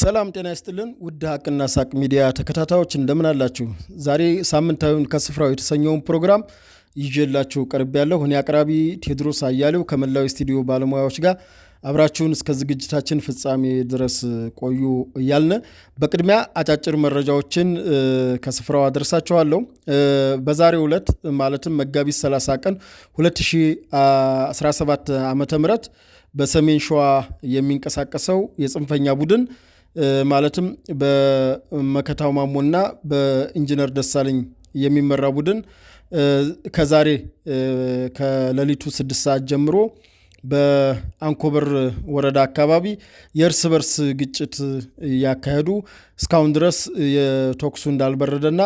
ሰላም ጤና ይስጥልን ውድ ሀቅና ሳቅ ሚዲያ ተከታታዮች እንደምን አላችሁ? ዛሬ ሳምንታዊውን ከስፍራው የተሰኘውን ፕሮግራም ይዤላችሁ ቀርብ ያለሁ እኔ አቅራቢ ቴዎድሮስ አያሌው ከመላው ስቱዲዮ ባለሙያዎች ጋር አብራችሁን እስከ ዝግጅታችን ፍጻሜ ድረስ ቆዩ እያልን በቅድሚያ አጫጭር መረጃዎችን ከስፍራው አደርሳችኋለሁ። በዛሬው ዕለት ማለትም መጋቢት 30 ቀን 2017 ዓ ም በሰሜን ሸዋ የሚንቀሳቀሰው የጽንፈኛ ቡድን ማለትም በመከታው ማሞና በኢንጂነር ደሳለኝ የሚመራ ቡድን ከዛሬ ከሌሊቱ ስድስት ሰዓት ጀምሮ በአንኮበር ወረዳ አካባቢ የእርስ በርስ ግጭት እያካሄዱ እስካሁን ድረስ የተኩሱ እንዳልበረደና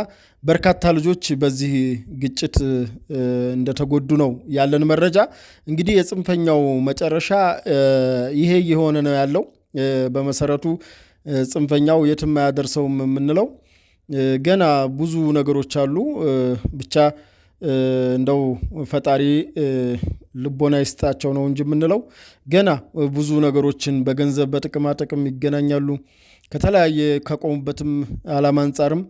በርካታ ልጆች በዚህ ግጭት እንደተጎዱ ነው ያለን መረጃ። እንግዲህ የጽንፈኛው መጨረሻ ይሄ የሆነ ነው ያለው በመሰረቱ ጽንፈኛው የትም አያደርሰውም የምንለው ገና ብዙ ነገሮች አሉ። ብቻ እንደው ፈጣሪ ልቦና ይስጣቸው ነው እንጂ የምንለው ገና ብዙ ነገሮችን በገንዘብ በጥቅማ ጥቅም ይገናኛሉ። ከተለያየ ከቆሙበትም ዓላማ አንጻርም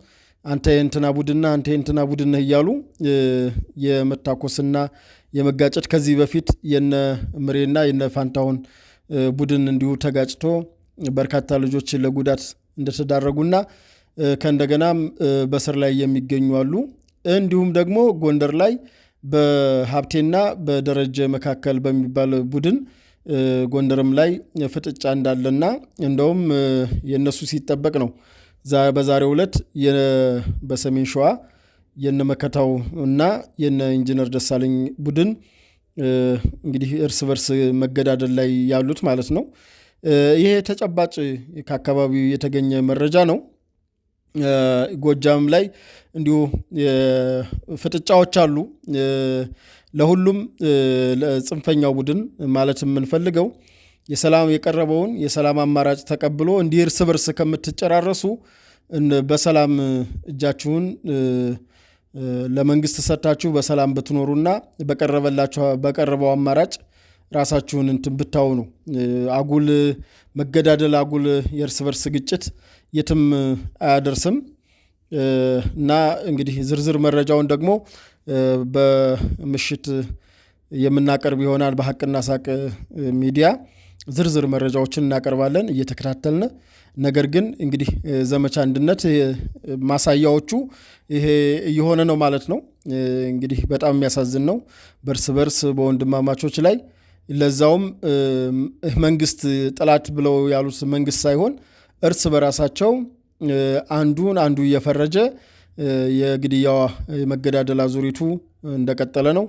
አንተ የእንትና ቡድና አንተ የእንትና ቡድንህ እያሉ የመታኮስና የመጋጨት ከዚህ በፊት የነ ምሬና የነ ፋንታሁን ቡድን እንዲሁ ተጋጭቶ በርካታ ልጆች ለጉዳት እንደተዳረጉና ከእንደገናም በስር ላይ የሚገኙ አሉ። እንዲሁም ደግሞ ጎንደር ላይ በሀብቴና በደረጀ መካከል በሚባል ቡድን ጎንደርም ላይ ፍጥጫ እንዳለና እንደውም የእነሱ ሲጠበቅ ነው በዛሬው ዕለት በሰሜን ሸዋ የነመከታው እና የነ ኢንጂነር ደሳለኝ ቡድን እንግዲህ እርስ በርስ መገዳደል ላይ ያሉት ማለት ነው። ይሄ ተጨባጭ ከአካባቢው የተገኘ መረጃ ነው። ጎጃም ላይ እንዲሁ ፍጥጫዎች አሉ። ለሁሉም ጽንፈኛው ቡድን ማለት የምንፈልገው የሰላም የቀረበውን የሰላም አማራጭ ተቀብሎ እንዲህ እርስ በርስ ከምትጨራረሱ በሰላም እጃችሁን ለመንግስት ሰጥታችሁ በሰላም ብትኖሩና በቀረበላችሁ በቀረበው አማራጭ ራሳችሁን እንትን ብታውኑ። አጉል መገዳደል፣ አጉል የእርስ በርስ ግጭት የትም አያደርስም እና እንግዲህ ዝርዝር መረጃውን ደግሞ በምሽት የምናቀርብ ይሆናል። በሀቅና ሳቅ ሚዲያ ዝርዝር መረጃዎችን እናቀርባለን እየተከታተልን። ነገር ግን እንግዲህ ዘመቻ አንድነት ማሳያዎቹ ይሄ እየሆነ ነው ማለት ነው። እንግዲህ በጣም የሚያሳዝን ነው። በእርስ በርስ በወንድማማቾች ላይ ለዛውም መንግስት ጠላት ብለው ያሉት መንግስት ሳይሆን እርስ በራሳቸው አንዱን አንዱ እየፈረጀ የግድያዋ የመገዳደል አዙሪቱ እንደቀጠለ ነው።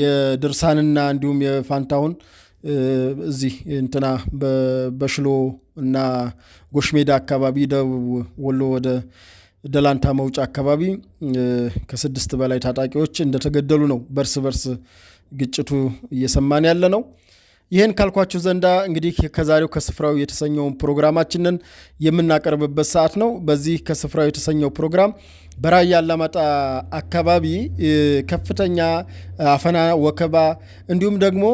የድርሳንና እንዲሁም የፋንታሁን እዚህ እንትና በሽሎ እና ጎሽሜዳ አካባቢ ደቡብ ወሎ ወደ ደላንታ መውጫ አካባቢ ከስድስት በላይ ታጣቂዎች እንደተገደሉ ነው በርስ በርስ ግጭቱ እየሰማን ያለ ነው። ይህን ካልኳችሁ ዘንዳ እንግዲህ ከዛሬው ከስፍራው የተሰኘውን ፕሮግራማችንን የምናቀርብበት ሰዓት ነው። በዚህ ከስፍራው የተሰኘው ፕሮግራም በራያ አላማጣ አካባቢ ከፍተኛ አፈና፣ ወከባ እንዲሁም ደግሞ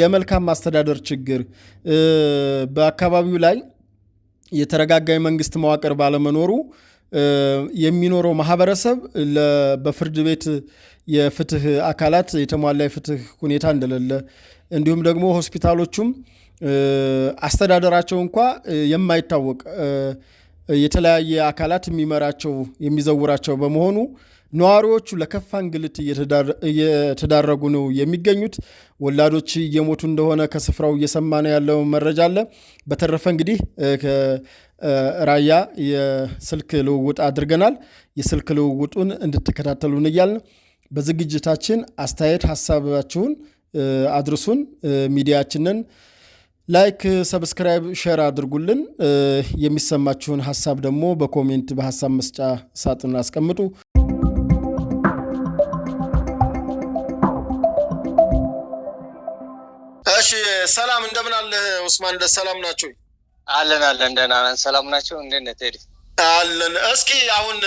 የመልካም ማስተዳደር ችግር በአካባቢው ላይ የተረጋጋ የመንግስት መዋቅር ባለመኖሩ የሚኖረው ማህበረሰብ በፍርድ ቤት የፍትህ አካላት የተሟላ የፍትህ ሁኔታ እንደሌለ እንዲሁም ደግሞ ሆስፒታሎቹም አስተዳደራቸው እንኳ የማይታወቅ የተለያየ አካላት የሚመራቸው የሚዘውራቸው በመሆኑ ነዋሪዎቹ ለከፋ እንግልት እየተዳረጉ ነው የሚገኙት። ወላዶች እየሞቱ እንደሆነ ከስፍራው እየሰማ ነው ያለው መረጃ አለ። በተረፈ እንግዲህ ራያ የስልክ ልውውጥ አድርገናል። የስልክ ልውውጡን እንድትከታተሉን እያልን በዝግጅታችን አስተያየት ሀሳባችሁን አድርሱን። ሚዲያችንን ላይክ፣ ሰብስክራይብ፣ ሼር አድርጉልን። የሚሰማችሁን ሀሳብ ደግሞ በኮሜንት በሀሳብ መስጫ ሳጥን አስቀምጡ። ሰላም እንደምን አለ ኡስማን፣ ሰላም ናቸው? አለን አለን፣ ደህና ነን። ሰላም ናቸው። እንዴት ነህ ቴዲ? አለን። እስኪ አሁን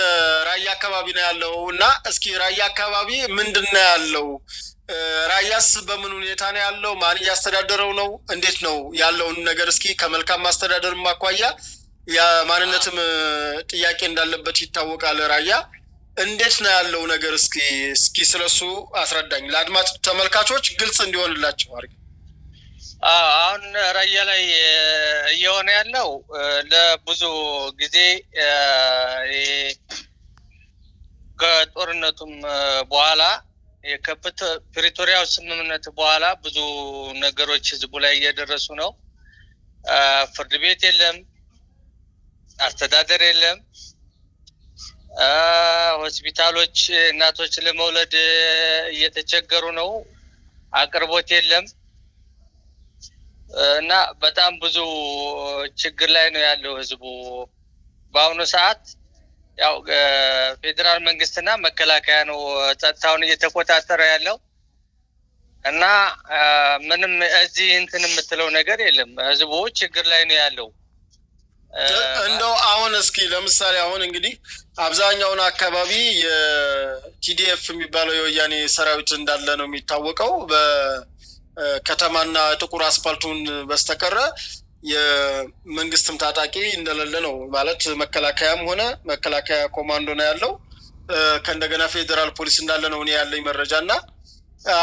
ራያ አካባቢ ነው ያለው እና እስኪ ራያ አካባቢ ምንድን ነው ያለው? ራያስ በምን ሁኔታ ነው ያለው? ማን እያስተዳደረው ነው? እንዴት ነው ያለውን ነገር እስኪ ከመልካም ማስተዳደር አኳያ የማንነትም ጥያቄ እንዳለበት ይታወቃል። ራያ እንዴት ነው ያለው ነገር? እስኪ እስኪ ስለሱ አስረዳኝ ለአድማጭ ተመልካቾች ግልጽ እንዲሆንላቸው አርግ አሁን ራያ ላይ እየሆነ ያለው ለብዙ ጊዜ ከጦርነቱም በኋላ ፕሪቶሪያው ስምምነት በኋላ ብዙ ነገሮች ህዝቡ ላይ እየደረሱ ነው። ፍርድ ቤት የለም፣ አስተዳደር የለም። ሆስፒታሎች እናቶች ለመውለድ እየተቸገሩ ነው፣ አቅርቦት የለም። እና በጣም ብዙ ችግር ላይ ነው ያለው ህዝቡ በአሁኑ ሰዓት። ያው ፌዴራል መንግስትና መከላከያ ነው ጸጥታውን እየተቆጣጠረ ያለው እና ምንም እዚህ እንትን የምትለው ነገር የለም። ህዝቡ ችግር ላይ ነው ያለው። እንደው አሁን እስኪ ለምሳሌ አሁን እንግዲህ አብዛኛውን አካባቢ የቲዲኤፍ የሚባለው የወያኔ ሰራዊት እንዳለ ነው የሚታወቀው። ከተማና ጥቁር አስፓልቱን በስተቀረ የመንግስትም ታጣቂ እንደሌለ ነው ማለት መከላከያም ሆነ መከላከያ ኮማንዶ ነው ያለው። ከእንደገና ፌዴራል ፖሊስ እንዳለ ነው እኔ ያለኝ መረጃ እና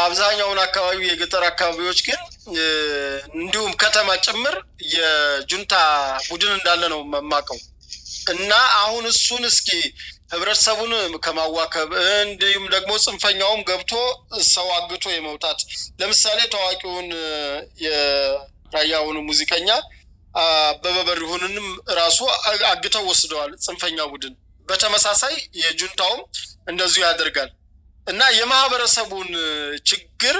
አብዛኛውን አካባቢ የገጠር አካባቢዎች ግን እንዲሁም ከተማ ጭምር የጁንታ ቡድን እንዳለ ነው የማውቀው። እና አሁን እሱን እስኪ ህብረተሰቡን ከማዋከብ እንዲሁም ደግሞ ጽንፈኛውም ገብቶ ሰው አግቶ የመውጣት ለምሳሌ ታዋቂውን የራያውን ሙዚቀኛ አበበ በሪሁንንም ራሱ አግተው ወስደዋል ጽንፈኛ ቡድን። በተመሳሳይ የጁንታውም እንደዚሁ ያደርጋል እና የማህበረሰቡን ችግር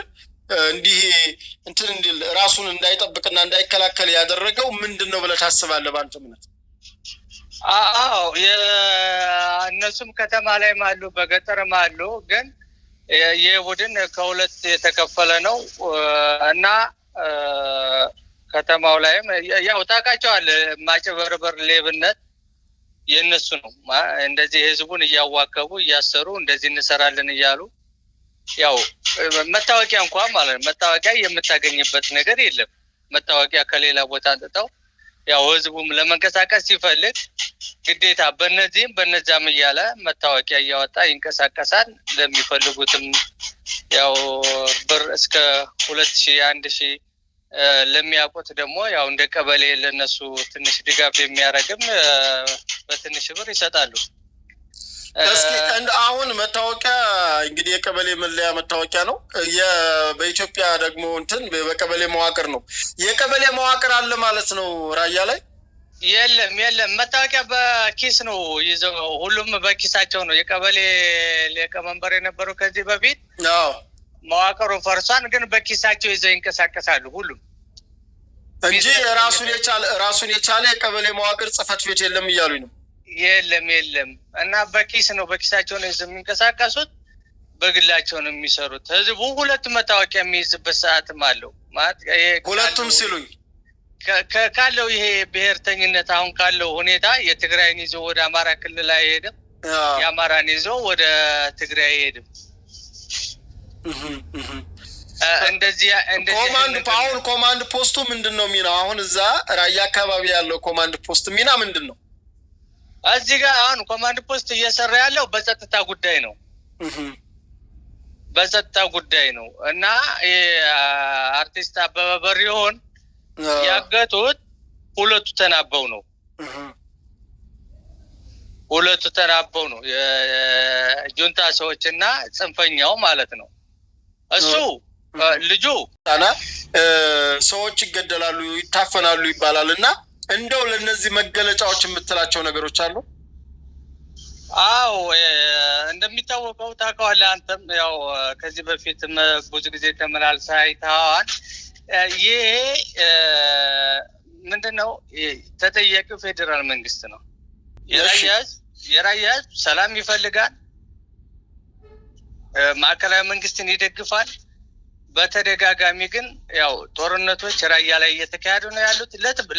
እንዲህ እንትን እንዲል ራሱን እንዳይጠብቅና እንዳይከላከል ያደረገው ምንድን ነው ብለህ ታስባለህ በአንተ እምነት? አዎ እነሱም ከተማ ላይም አሉ፣ በገጠርም አሉ። ግን ይህ ቡድን ከሁለት የተከፈለ ነው እና ከተማው ላይም ያው ታውቃቸዋለህ፣ ማጭበርበር፣ ሌብነት የእነሱ ነው። እንደዚህ ህዝቡን እያዋከቡ እያሰሩ እንደዚህ እንሰራለን እያሉ ያው መታወቂያ እንኳን ማለት ነው መታወቂያ የምታገኝበት ነገር የለም። መታወቂያ ከሌላ ቦታ አንጥተው ያው ህዝቡም ለመንቀሳቀስ ሲፈልግ ግዴታ በነዚህም በነዚያም እያለ መታወቂያ እያወጣ ይንቀሳቀሳል። ለሚፈልጉትም ያው ብር እስከ ሁለት ሺ አንድ ሺ ለሚያውቁት ደግሞ ያው እንደ ቀበሌ ለነሱ ትንሽ ድጋፍ የሚያደርግም በትንሽ ብር ይሰጣሉ። እስኪ አሁን መታወቂያ እንግዲህ የቀበሌ መለያ መታወቂያ ነው። በኢትዮጵያ ደግሞ እንትን በቀበሌ መዋቅር ነው። የቀበሌ መዋቅር አለ ማለት ነው ራያ ላይ? የለም የለም። መታወቂያ በኪስ ነው ይዘው ሁሉም በኪሳቸው ነው። የቀበሌ ሊቀመንበር የነበረው ከዚህ በፊት መዋቅሩ ፈርሷን፣ ግን በኪሳቸው ይዘው ይንቀሳቀሳሉ ሁሉም እንጂ ራሱን የቻለ ራሱን የቻለ የቀበሌ መዋቅር ጽህፈት ቤት የለም እያሉኝ ነው። የለም የለም። እና በኪስ ነው በኪሳቸው ነው የሚንቀሳቀሱት። በግላቸው ነው የሚሰሩት። ህዝቡ ሁለት መታወቂያ የሚይዝበት ሰዓትም አለው። ሁለቱም ሲሉኝ ካለው ይሄ ብሔርተኝነት አሁን ካለው ሁኔታ የትግራይን ይዞ ወደ አማራ ክልል አይሄድም፣ የአማራን ይዞ ወደ ትግራይ አይሄድም። አሁን ኮማንድ ፖስቱ ምንድን ነው ሚና? አሁን እዛ ራያ አካባቢ ያለው ኮማንድ ፖስት ሚና ምንድን ነው? እዚህ ጋር አሁን ኮማንድ ፖስት እየሰራ ያለው በጸጥታ ጉዳይ ነው። በጸጥታ ጉዳይ ነው እና አርቲስት አበበ በሪሆን ያገቱት ሁለቱ ተናበው ነው። ሁለቱ ተናበው ነው የጁንታ ሰዎች እና ጽንፈኛው ማለት ነው። እሱ ልጁ ና ሰዎች ይገደላሉ፣ ይታፈናሉ ይባላል እና እንደው ለእነዚህ መገለጫዎች የምትላቸው ነገሮች አሉ አው እንደሚታወቀው ታውቀዋለህ። አንተም ያው ከዚህ በፊት ብዙ ጊዜ ተመላልሳ አይተሃል። ይሄ ምንድን ነው ተጠያቂው ፌዴራል መንግስት ነው። የራያ የራያ ህዝብ ሰላም ይፈልጋል፣ ማዕከላዊ መንግስትን ይደግፋል። በተደጋጋሚ ግን ያው ጦርነቶች ራያ ላይ እየተካሄዱ ነው ያሉት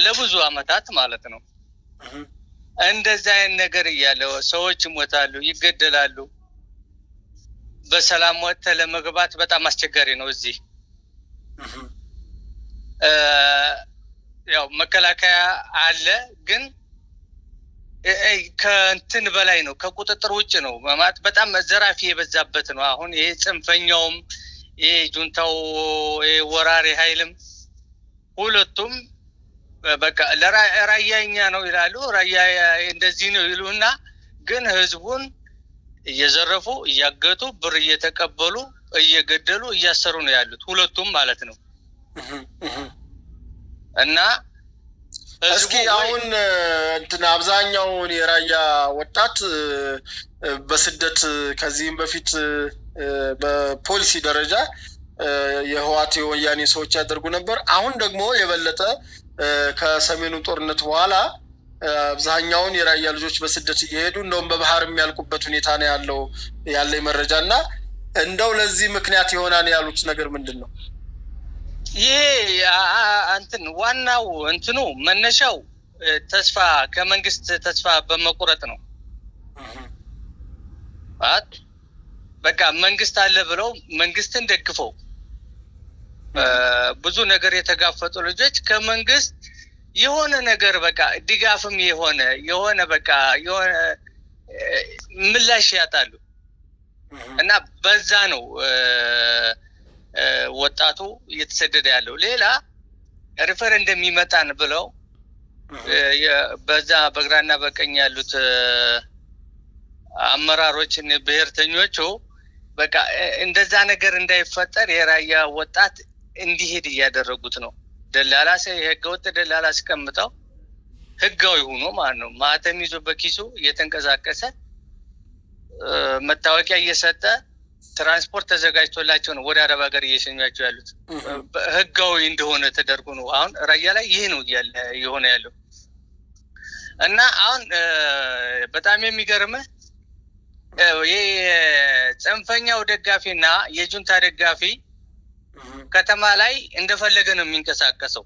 ለብዙ አመታት ማለት ነው። እንደዚህ አይነት ነገር እያለ ሰዎች ይሞታሉ፣ ይገደላሉ። በሰላም ወተ ለመግባት በጣም አስቸጋሪ ነው። እዚህ ያው መከላከያ አለ፣ ግን ከእንትን በላይ ነው፣ ከቁጥጥር ውጭ ነው። በማለት በጣም ዘራፊ የበዛበት ነው። አሁን ይሄ ጽንፈኛውም ይሄ ጁንታው ወራሪ ኃይልም ሁለቱም በቃ ለራያኛ ነው ይላሉ። ራያ እንደዚህ ነው ይሉና ግን ህዝቡን እየዘረፉ እያገጡ ብር እየተቀበሉ እየገደሉ እያሰሩ ነው ያሉት ሁለቱም ማለት ነው። እና እስኪ አሁን እንትን አብዛኛውን የራያ ወጣት በስደት ከዚህም በፊት በፖሊሲ ደረጃ የህዋት የወያኔ ሰዎች ያደርጉ ነበር። አሁን ደግሞ የበለጠ ከሰሜኑ ጦርነት በኋላ አብዛኛውን የራያ ልጆች በስደት እየሄዱ እንደውም በባህር የሚያልቁበት ሁኔታ ነው ያለው ያለ መረጃ እና እንደው ለዚህ ምክንያት ይሆናል ያሉት ነገር ምንድን ነው? ይሄ እንትን ዋናው እንትኑ መነሻው ተስፋ ከመንግስት ተስፋ በመቁረጥ ነው። በቃ መንግስት አለ ብለው መንግስትን ደግፈው ብዙ ነገር የተጋፈጡ ልጆች ከመንግስት የሆነ ነገር በቃ ድጋፍም የሆነ የሆነ በቃ የሆነ ምላሽ ያጣሉ እና በዛ ነው ወጣቱ እየተሰደደ ያለው። ሌላ ሪፈረንደም ይመጣን ብለው በዛ በግራና በቀኝ ያሉት አመራሮችን ብሔርተኞቹ በቃ እንደዛ ነገር እንዳይፈጠር የራያ ወጣት እንዲሄድ እያደረጉት ነው። ደላላ ወጥ ደላላ አስቀምጠው ህጋዊ ሆኖ ማለት ነው። ማተም ይዞ በኪሱ እየተንቀሳቀሰ መታወቂያ እየሰጠ ትራንስፖርት ተዘጋጅቶላቸው ነው ወደ አረብ ሀገር እየሸኟቸው ያሉት። ህጋዊ እንደሆነ ተደርጎ ነው። አሁን ራያ ላይ ይህ ነው የሆነ ያለው እና አሁን በጣም ይህ የጽንፈኛው ደጋፊ እና የጁንታ ደጋፊ ከተማ ላይ እንደፈለገ ነው የሚንቀሳቀሰው።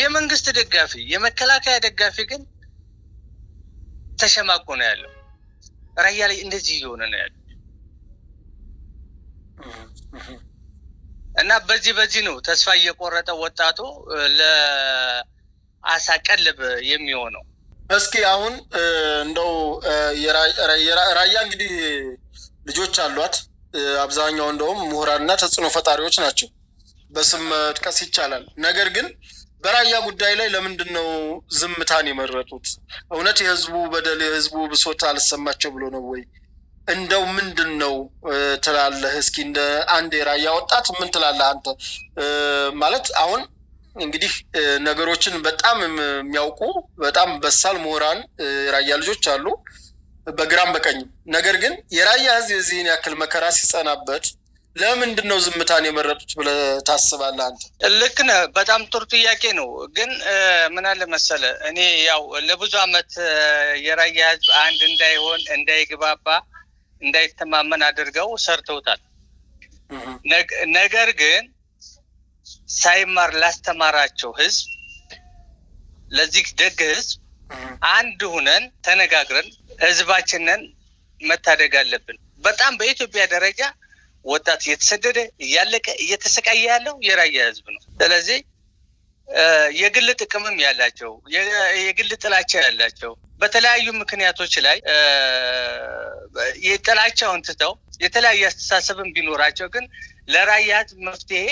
የመንግስት ደጋፊ፣ የመከላከያ ደጋፊ ግን ተሸማቆ ነው ያለው። ራያ ላይ እንደዚህ እየሆነ ነው ያለው እና በዚህ በዚህ ነው ተስፋ እየቆረጠ ወጣቱ ለአሳ ቀለብ የሚሆነው። እስኪ አሁን እንደው ራያ እንግዲህ ልጆች አሏት አብዛኛው እንደውም ምሁራንና ተጽዕኖ ፈጣሪዎች ናቸው። በስም መጥቀስ ይቻላል። ነገር ግን በራያ ጉዳይ ላይ ለምንድን ነው ዝምታን የመረጡት? እውነት የህዝቡ በደል የህዝቡ ብሶት አልሰማቸው ብሎ ነው ወይ? እንደው ምንድን ነው ትላለህ? እስኪ እንደ አንድ የራያ ወጣት ምን ትላለህ አንተ? ማለት አሁን እንግዲህ ነገሮችን በጣም የሚያውቁ በጣም በሳል ምሁራን የራያ ልጆች አሉ። በግራም በቀኝም። ነገር ግን የራያ ህዝብ የዚህን ያክል መከራ ሲጸናበት ለምንድን ነው ዝምታን የመረጡት ብለህ ታስባለህ አንተ? ልክ ነህ። በጣም ጥሩ ጥያቄ ነው። ግን ምን አለ መሰለህ፣ እኔ ያው ለብዙ ዓመት የራያ ህዝብ አንድ እንዳይሆን፣ እንዳይግባባ፣ እንዳይተማመን አድርገው ሰርተውታል። ነገር ግን ሳይማር ላስተማራቸው ህዝብ፣ ለዚህ ደግ ህዝብ አንድ ሁነን ተነጋግረን ህዝባችንን መታደግ አለብን። በጣም በኢትዮጵያ ደረጃ ወጣት እየተሰደደ እያለቀ እየተሰቃየ ያለው የራያ ህዝብ ነው። ስለዚህ የግል ጥቅምም ያላቸው የግል ጥላቻ ያላቸው በተለያዩ ምክንያቶች ላይ የጥላቻውን ትተው የተለያዩ አስተሳሰብም ቢኖራቸው ግን ለራያ መፍትሄ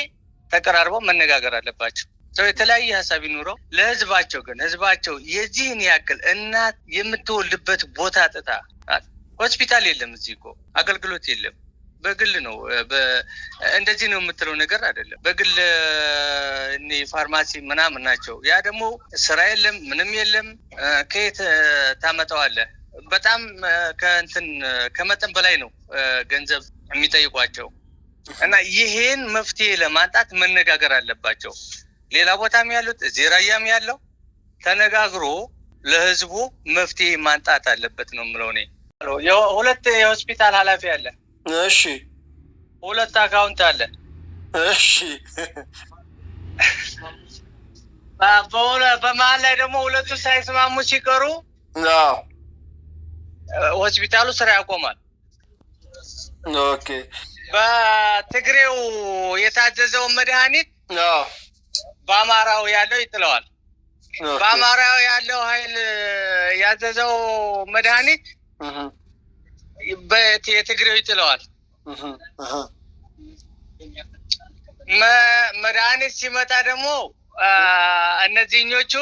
ተቀራርበው መነጋገር አለባቸው። ሰው የተለያየ ሀሳብ ይኑረው። ለህዝባቸው ግን ህዝባቸው የዚህን ያክል እናት የምትወልድበት ቦታ ጥታ ሆስፒታል የለም፣ እዚህ እኮ አገልግሎት የለም። በግል ነው እንደዚህ ነው የምትለው ነገር አይደለም። በግል ፋርማሲ ምናምን ናቸው። ያ ደግሞ ስራ የለም፣ ምንም የለም። ከየት ታመጣዋለህ? በጣም ከእንትን ከመጠን በላይ ነው ገንዘብ የሚጠይቋቸው እና ይሄን መፍትሄ ለማንጣት መነጋገር አለባቸው። ሌላ ቦታም ያሉት እዚህ ራያም ያለው ተነጋግሮ ለህዝቡ መፍትሄ ማንጣት አለበት ነው የምለው። እኔ ሁለት የሆስፒታል ኃላፊ አለ። እሺ፣ ሁለት አካውንት አለ። እሺ፣ በመሀል ላይ ደግሞ ሁለቱ ሳይስማሙ ሲቀሩ ሆስፒታሉ ስራ ያቆማል። ኦኬ። በትግሬው የታዘዘውን መድኃኒት በአማራው ያለው ይጥለዋል። በአማራው ያለው ኃይል ያዘዘው መድኃኒት የትግሬው ይጥለዋል። መድኃኒት ሲመጣ ደግሞ እነዚህኞቹ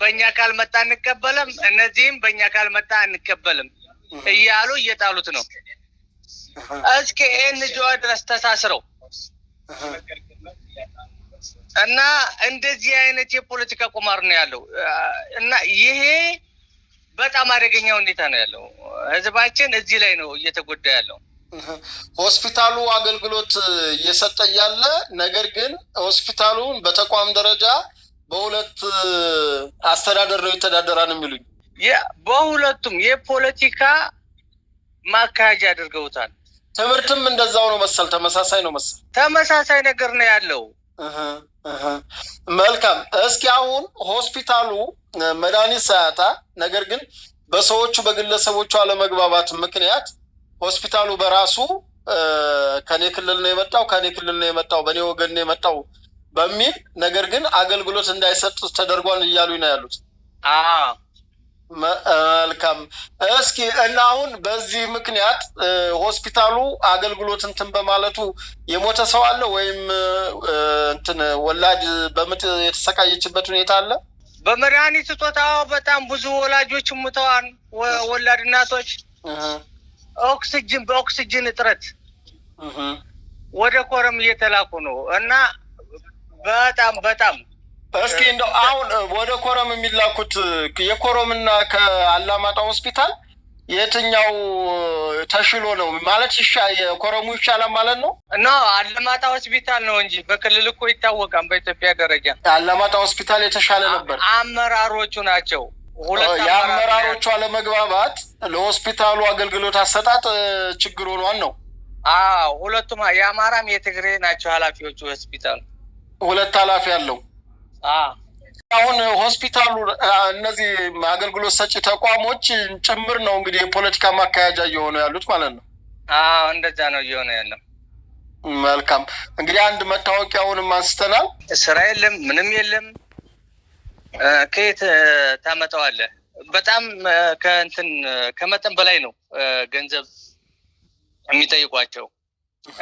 በእኛ ካልመጣ አንቀበልም፣ እነዚህም በእኛ ካልመጣ አንቀበልም እያሉ እየጣሉት ነው። እስኪ ይህን ጆ ድረስ ተሳስረው እና እንደዚህ አይነት የፖለቲካ ቁማር ነው ያለው እና ይሄ በጣም አደገኛ ሁኔታ ነው ያለው። ህዝባችን እዚህ ላይ ነው እየተጎዳ ያለው። ሆስፒታሉ አገልግሎት እየሰጠ ያለ ነገር ግን ሆስፒታሉን በተቋም ደረጃ በሁለት አስተዳደር ነው ይተዳደራል የሚሉኝ በሁለቱም የፖለቲካ ማካሄጃ አድርገውታል። ትምህርትም እንደዛው ነው መሰል ተመሳሳይ ነው መሰል ተመሳሳይ ነገር ነው ያለው። መልካም። እስኪ አሁን ሆስፒታሉ መድኃኒት ሳያጣ ነገር ግን በሰዎቹ በግለሰቦቹ አለመግባባት ምክንያት ሆስፒታሉ በራሱ ከኔ ክልል ነው የመጣው ከኔ ክልል ነው የመጣው በእኔ ወገን ነው የመጣው በሚል ነገር ግን አገልግሎት እንዳይሰጡት ተደርጓል እያሉ ነው ያሉት። መልካም እስኪ እና አሁን በዚህ ምክንያት ሆስፒታሉ አገልግሎት እንትን በማለቱ የሞተ ሰው አለ ወይም እንትን ወላድ በምጥ የተሰቃየችበት ሁኔታ አለ? በመድኃኒት ስጦታ በጣም ብዙ ወላጆች ሙተዋል። ወላድ እናቶች ኦክስጅን በኦክስጅን እጥረት ወደ ኮረም እየተላኩ ነው እና በጣም በጣም እስኪ እንደው አሁን ወደ ኮረም የሚላኩት የኮረምና ከአላማጣ ሆስፒታል የትኛው ተሽሎ ነው ማለት ኮረሙ ይሻላል ማለት ነው? እና አላማጣ ሆስፒታል ነው እንጂ በክልል እኮ ይታወቃል። በኢትዮጵያ ደረጃ አላማጣ ሆስፒታል የተሻለ ነበር። አመራሮቹ ናቸው። የአመራሮቹ አለመግባባት ለሆስፒታሉ አገልግሎት አሰጣጥ ችግር ሆኗል ነው። ሁለቱም የአማራም የትግሬ ናቸው ኃላፊዎቹ ሆስፒታል ሁለት ኃላፊ አለው። አሁን ሆስፒታሉ እነዚህ አገልግሎት ሰጪ ተቋሞች ጭምር ነው እንግዲህ የፖለቲካ ማካሄጃ እየሆኑ ያሉት ማለት ነው። እንደዛ ነው እየሆነ ያለው። መልካም እንግዲህ አንድ መታወቂያውንም አንስተናል። ስራ የለም ምንም የለም። ከየት ታመጣዋለህ? በጣም ከእንትን ከመጠን በላይ ነው ገንዘብ የሚጠይቋቸው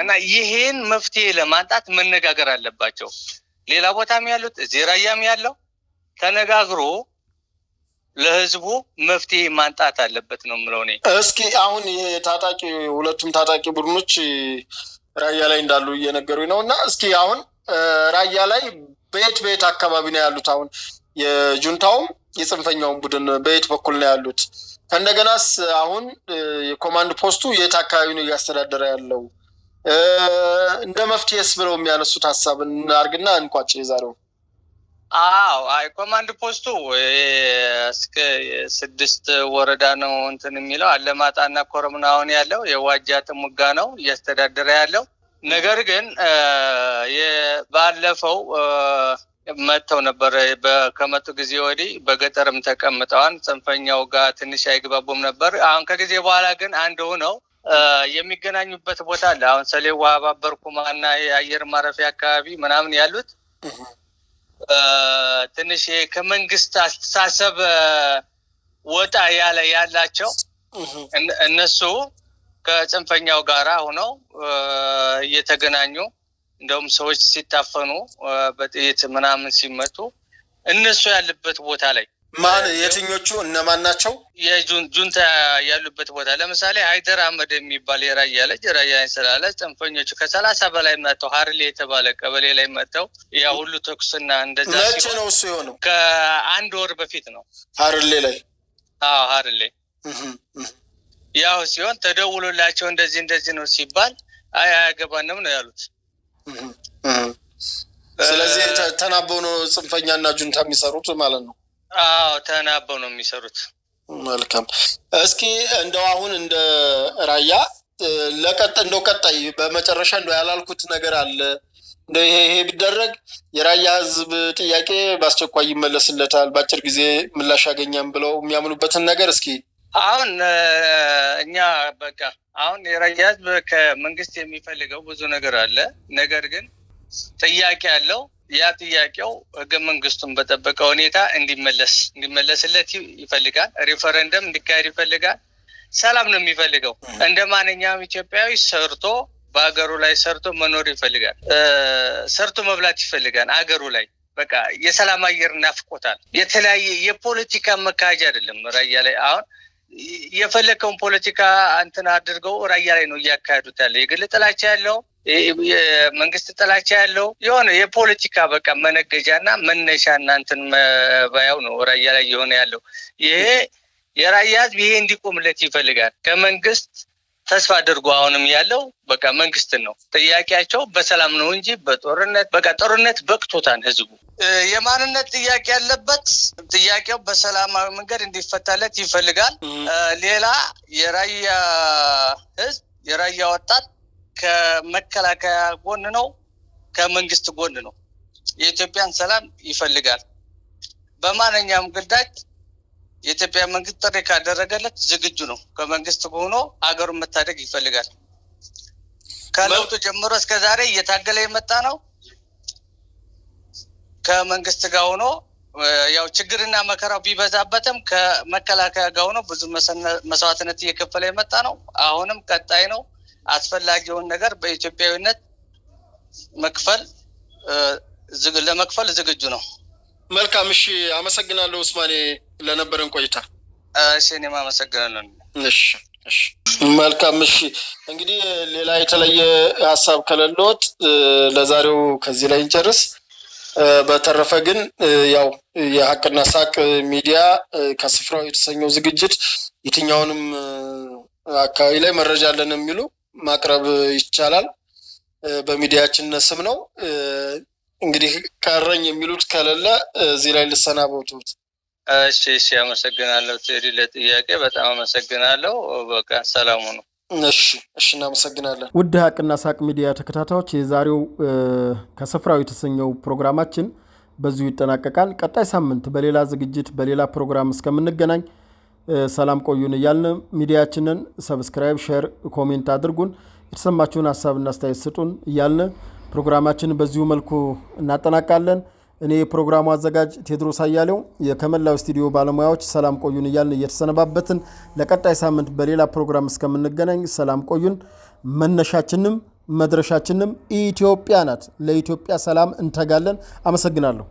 እና ይሄን መፍትሄ ለማጣት መነጋገር አለባቸው። ሌላ ቦታም ያሉት እዚህ ራያም ያለው ተነጋግሮ ለህዝቡ መፍትሄ ማንጣት አለበት ነው የምለው እኔ። እስኪ አሁን የታጣቂ ሁለቱም ታጣቂ ቡድኖች ራያ ላይ እንዳሉ እየነገሩኝ ነው እና እስኪ አሁን ራያ ላይ በየት በየት አካባቢ ነው ያሉት? አሁን የጁንታውም የጽንፈኛውን ቡድን በየት በኩል ነው ያሉት? ከእንደገናስ አሁን የኮማንድ ፖስቱ የት አካባቢ ነው እያስተዳደረ ያለው? እንደ መፍትሄስ ብለው የሚያነሱት ሀሳብ እናርግና እንኳጭ የዛሬው። አዎ አይ ኮማንድ ፖስቱ እስከ ስድስት ወረዳ ነው እንትን የሚለው አለማጣና ኮረምና አሁን ያለው የዋጃ ጥሙጋ ነው እያስተዳደረ ያለው። ነገር ግን ባለፈው መጥተው ነበር። ከመጡ ጊዜ ወዲህ በገጠርም ተቀምጠዋል። ጽንፈኛው ጋር ትንሽ አይግባቡም ነበር። አሁን ከጊዜ በኋላ ግን አንድ ሆነው የሚገናኙበት ቦታ አለ። አሁን ሰሌዋ አባበር ኩማና የአየር ማረፊያ አካባቢ ምናምን ያሉት ትንሽ ከመንግስት አስተሳሰብ ወጣ ያለ ያላቸው እነሱ ከጽንፈኛው ጋር ሆነው እየተገናኙ እንደውም ሰዎች ሲታፈኑ በጥይት ምናምን ሲመቱ እነሱ ያለበት ቦታ ላይ ማን የትኞቹ እነማን ናቸው? የጁንታ ያሉበት ቦታ ለምሳሌ ሀይደር አህመድ የሚባል የራያ ልጅ ራያን ስላለ ጽንፈኞቹ ከሰላሳ በላይ መጥተው ሀርሌ የተባለ ቀበሌ ላይ መጥተው ያ ሁሉ ተኩስና እንደዛ። መቼ ነው እሱ የሆነው? ከአንድ ወር በፊት ነው ሀርሌ ላይ። አዎ ሀርሌ ያው ሲሆን ተደውሎላቸው እንደዚህ እንደዚህ ነው ሲባል አይ አያገባንም ነው ያሉት። ስለዚህ ተናበው ነው ጽንፈኛና ጁንታ የሚሰሩት ማለት ነው። አዎ ተናበው ነው የሚሰሩት። መልካም። እስኪ እንደው አሁን እንደ ራያ ለቀጥ እንደው ቀጣይ በመጨረሻ እንደው ያላልኩት ነገር አለ። እንደው ይሄ ይሄ ቢደረግ የራያ ህዝብ ጥያቄ በአስቸኳይ ይመለስለታል፣ በአጭር ጊዜ ምላሽ ያገኛም ብለው የሚያምኑበትን ነገር እስኪ አሁን እኛ በቃ አሁን የራያ ህዝብ ከመንግስት የሚፈልገው ብዙ ነገር አለ። ነገር ግን ጥያቄ አለው ያ ጥያቄው ህገ መንግስቱን በጠበቀ ሁኔታ እንዲመለስ እንዲመለስለት ይፈልጋል። ሪፈረንደም እንዲካሄድ ይፈልጋል። ሰላም ነው የሚፈልገው። እንደ ማንኛውም ኢትዮጵያዊ ሰርቶ በሀገሩ ላይ ሰርቶ መኖር ይፈልጋል። ሰርቶ መብላት ይፈልጋል። አገሩ ላይ በቃ የሰላም አየር እናፍቆታል። የተለያየ የፖለቲካ መካሄጃ አይደለም። ራያ ላይ አሁን የፈለከውን ፖለቲካ እንትን አድርገው ራያ ላይ ነው እያካሄዱት ያለ የግል ጥላቻ ያለው የመንግስት ጥላቻ ያለው የሆነ የፖለቲካ በቃ መነገጃና መነሻ እናንትን መባያው ነው ራያ ላይ የሆነ ያለው ይሄ የራያ ህዝብ ይሄ እንዲቆምለት ይፈልጋል። ከመንግስት ተስፋ አድርጎ አሁንም ያለው በቃ መንግስትን ነው። ጥያቄያቸው በሰላም ነው እንጂ በጦርነት በቃ ጦርነት በቅቶታን ህዝቡ። የማንነት ጥያቄ ያለበት ጥያቄው በሰላማዊ መንገድ እንዲፈታለት ይፈልጋል። ሌላ የራያ ህዝብ የራያ ወጣት ከመከላከያ ጎን ነው፣ ከመንግስት ጎን ነው። የኢትዮጵያን ሰላም ይፈልጋል። በማንኛውም ግዳጅ የኢትዮጵያ መንግስት ጥሪ ካደረገለት ዝግጁ ነው። ከመንግስት ሆኖ አገሩን መታደግ ይፈልጋል። ከለውጡ ጀምሮ እስከ ዛሬ እየታገለ የመጣ ነው። ከመንግስት ጋር ሆኖ ያው ችግርና መከራው ቢበዛበትም ከመከላከያ ጋር ሆኖ ብዙ መስዋዕትነት እየከፈለ የመጣ ነው። አሁንም ቀጣይ ነው። አስፈላጊውን ነገር በኢትዮጵያዊነት መክፈል ለመክፈል ዝግጁ ነው። መልካም እሺ፣ አመሰግናለሁ ኡስማኔ ለነበረን ቆይታ። እሺ፣ እኔም አመሰግናለሁ። እሺ፣ እሺ፣ መልካም እሺ። እንግዲህ ሌላ የተለየ ሀሳብ ከሌሎት ለዛሬው ከዚህ ላይ እንጨርስ። በተረፈ ግን ያው የሀቅና ሳቅ ሚዲያ ከስፍራው የተሰኘው ዝግጅት የትኛውንም አካባቢ ላይ መረጃ አለን የሚሉ ማቅረብ ይቻላል። በሚዲያችን ስም ነው እንግዲህ ቀረኝ የሚሉት ከሌለ እዚህ ላይ ልሰናበቱት። እሺ፣ እሺ፣ አመሰግናለሁ ቴዲ ለጥያቄ በጣም አመሰግናለሁ። በቃ ሰላሙ ነው። እሺ፣ እሺ፣ እናመሰግናለን። ውድ ሀቅና ሳቅ ሚዲያ ተከታታዮች የዛሬው ከስፍራው የተሰኘው ፕሮግራማችን በዚሁ ይጠናቀቃል። ቀጣይ ሳምንት በሌላ ዝግጅት በሌላ ፕሮግራም እስከምንገናኝ ሰላም ቆዩን እያልን ሚዲያችንን ሰብስክራይብ፣ ሼር፣ ኮሜንት አድርጉን። የተሰማችሁን ሀሳብና አስተያየት ስጡን እያልን ፕሮግራማችንን በዚሁ መልኩ እናጠናቃለን። እኔ የፕሮግራሙ አዘጋጅ ቴድሮስ አያሌው ከመላው ስቱዲዮ ባለሙያዎች ሰላም ቆዩን እያልን እየተሰነባበትን ለቀጣይ ሳምንት በሌላ ፕሮግራም እስከምንገናኝ ሰላም ቆዩን። መነሻችንም መድረሻችንም ኢትዮጵያ ናት። ለኢትዮጵያ ሰላም እንተጋለን። አመሰግናለሁ።